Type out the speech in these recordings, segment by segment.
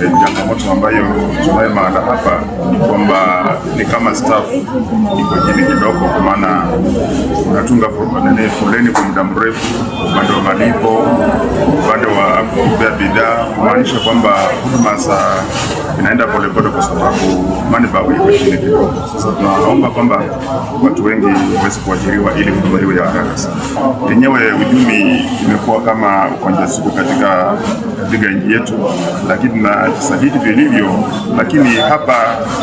changamoto ambayo tunayo mahala hapa ni kwamba ni kama staff iko chini kidogo, kwa maana unatunga foleni kwa muda mrefu upande wa malipo, upande wa kupea bidhaa, kumaanisha kwamba huduma za inaenda polepole kwa sababu manibabu iko chini kidogo. Sasa tunaomba kwamba watu wengi waweze kuajiriwa ili huduma iwe ya haraka sana. Yenyewe ujumi imekuwa kama ukwanja siku katika katika nchi yetu, lakini na sahihi vilivyo, lakini hapa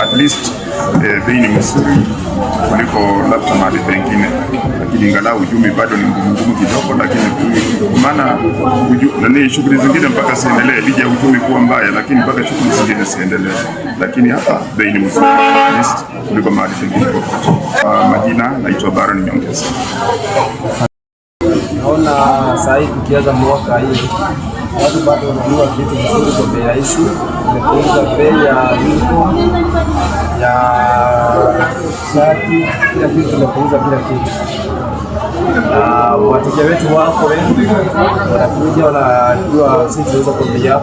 at least eh, bei ni mzuri kuliko labda mahali pengine, lakini ingalau ujumi bado ni ngumu ngumu kidogo, lakini maana nani shughuli zingine mpaka siendelee, lija ujumi kuwa mbaya, lakini mpaka shughuli zingine siendelee, lakini hapa bei ni mzuri kuliko mahali pengine Uh, majina naitwa Baron Nyongeza. Naona sahii tukianza mwaka hii watu bado wanajua vitu vizuri kwa bei rahisi tumepunguza bei ya vifo ya shati, kila kitu tumepunguza, kila kitu na wateja wetu wako wengi wanakuja, wanajua sisi tunaweza kuambia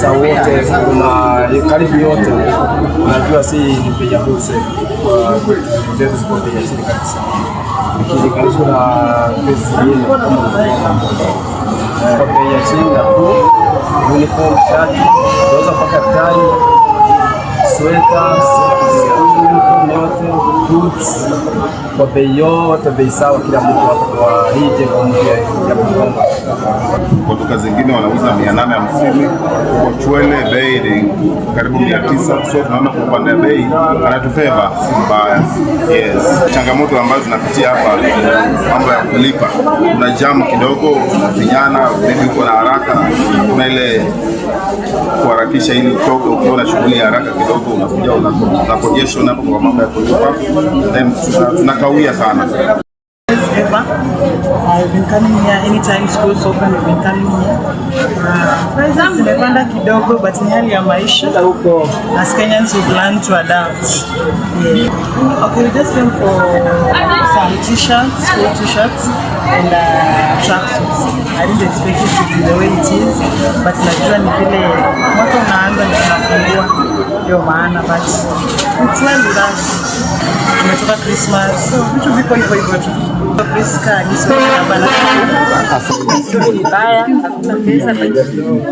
saa wote, kuna karibu yote unajua, si mpiga huse zetu zikuambia chini kabisa, ikilinganishwa na pesa nyingine kama kwa bei ya chini nafuu, uniform, shati, unaweza paka tai, sweta kwa bei yote, bei sawa, kila mtu kwa hii jengo mpya ya Mkonga. Kwa duka zingine wanauza 850 kwa Chwele, bei ni karibu 900. So tunaona kwa upande wa bei anatufeva, si mbaya. Yes, changamoto ambazo zinapitia hapa, mambo ya kulipa, kuna jamu kidogo, vijana vipi, uko na haraka, kuna ile kuharakisha ili utoke, ukiwa na shughuli ya haraka kidogo, unakuja unakojesha hapo kwa mambo ya kulipa, then tuna kawia sana. Uh, zimepanda kidogo but ni hali ya maisha. As Kenyans to adapt. Okay, we just came for some t-shirts, school t-shirts and uh, tracksuits. I didn't expect it to be the way it is, but najua ni vile mwaka unaanza na ndio maana basi tumetoka Christmas, vitu viko hivyo hivyo tu. Baya, hakuna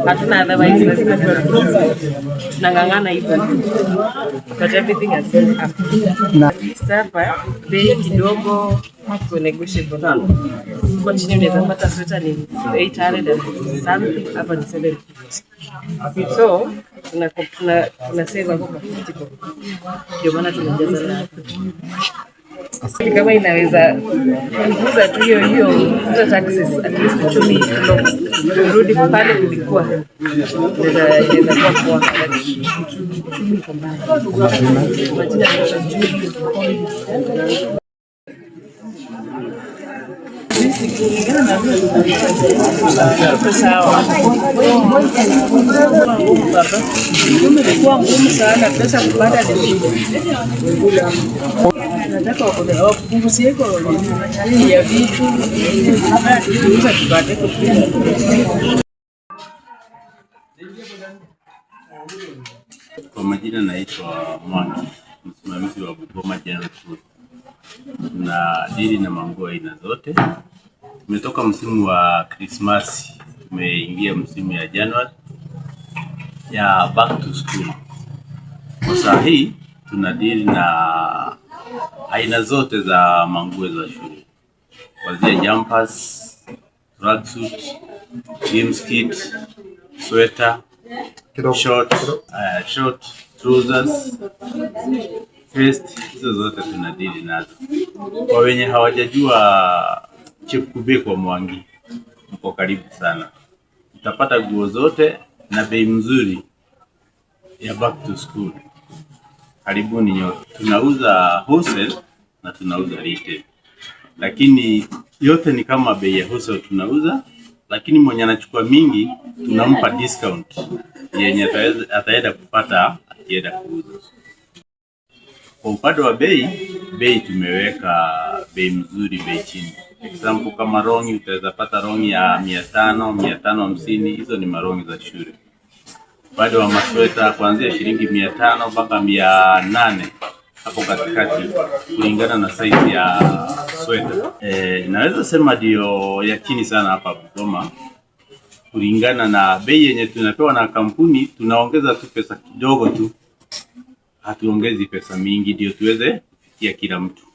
hatuna otherwise, lazima tunang'ang'ana hivyo, but everything has been up. Sasa bei kidogo iko negotiable na kwa chini unaweza kupata sweta ni 800 something, hapa ni 750 so tunaseva ndio maana tunajaza na kama inaweza kupunguza tu hiyo hiyo hizo taxes at least uchumi kurudi pale kulikuwa inaweza kuwa kwa majina naitwa Mwana, msimamizi wa Bungoma Jenerali na dili na manguo aina zote Tumetoka msimu wa Christmas, tumeingia msimu ya January ya back to school. Kwa saa hii tuna deal na aina zote za manguo za shule kuanzia jumpers, tracksuit, gym kit, sweater, short, uh, short trousers, vest, hizo zote tunadili nazo. Kwa wenye hawajajua Chief kwa Mwangi mko karibu sana, utapata nguo zote na bei mzuri ya back to school. Karibuni nyote. Tunauza wholesale na tunauza retail, lakini yote ni kama bei ya wholesale tunauza, lakini mwenye anachukua mingi tunampa discount yenye ataenda kupata akienda kuuza. Kwa upande wa bei, bei tumeweka bei mzuri, bei chini example kama rongi utaweza pata rongi ya mia tano mia tano hamsini hizo ni marongi za shule. Bado wa masweta kuanzia shilingi mia tano mpaka mia nane hapo katikati, kulingana na saizi ya sweta. E, naweza sema ndio ya chini sana hapa Dodoma kulingana na bei yenye tunapewa na kampuni, tunaongeza tu pesa kidogo tu, hatuongezi pesa mingi, ndio tuweze kufikia kila mtu.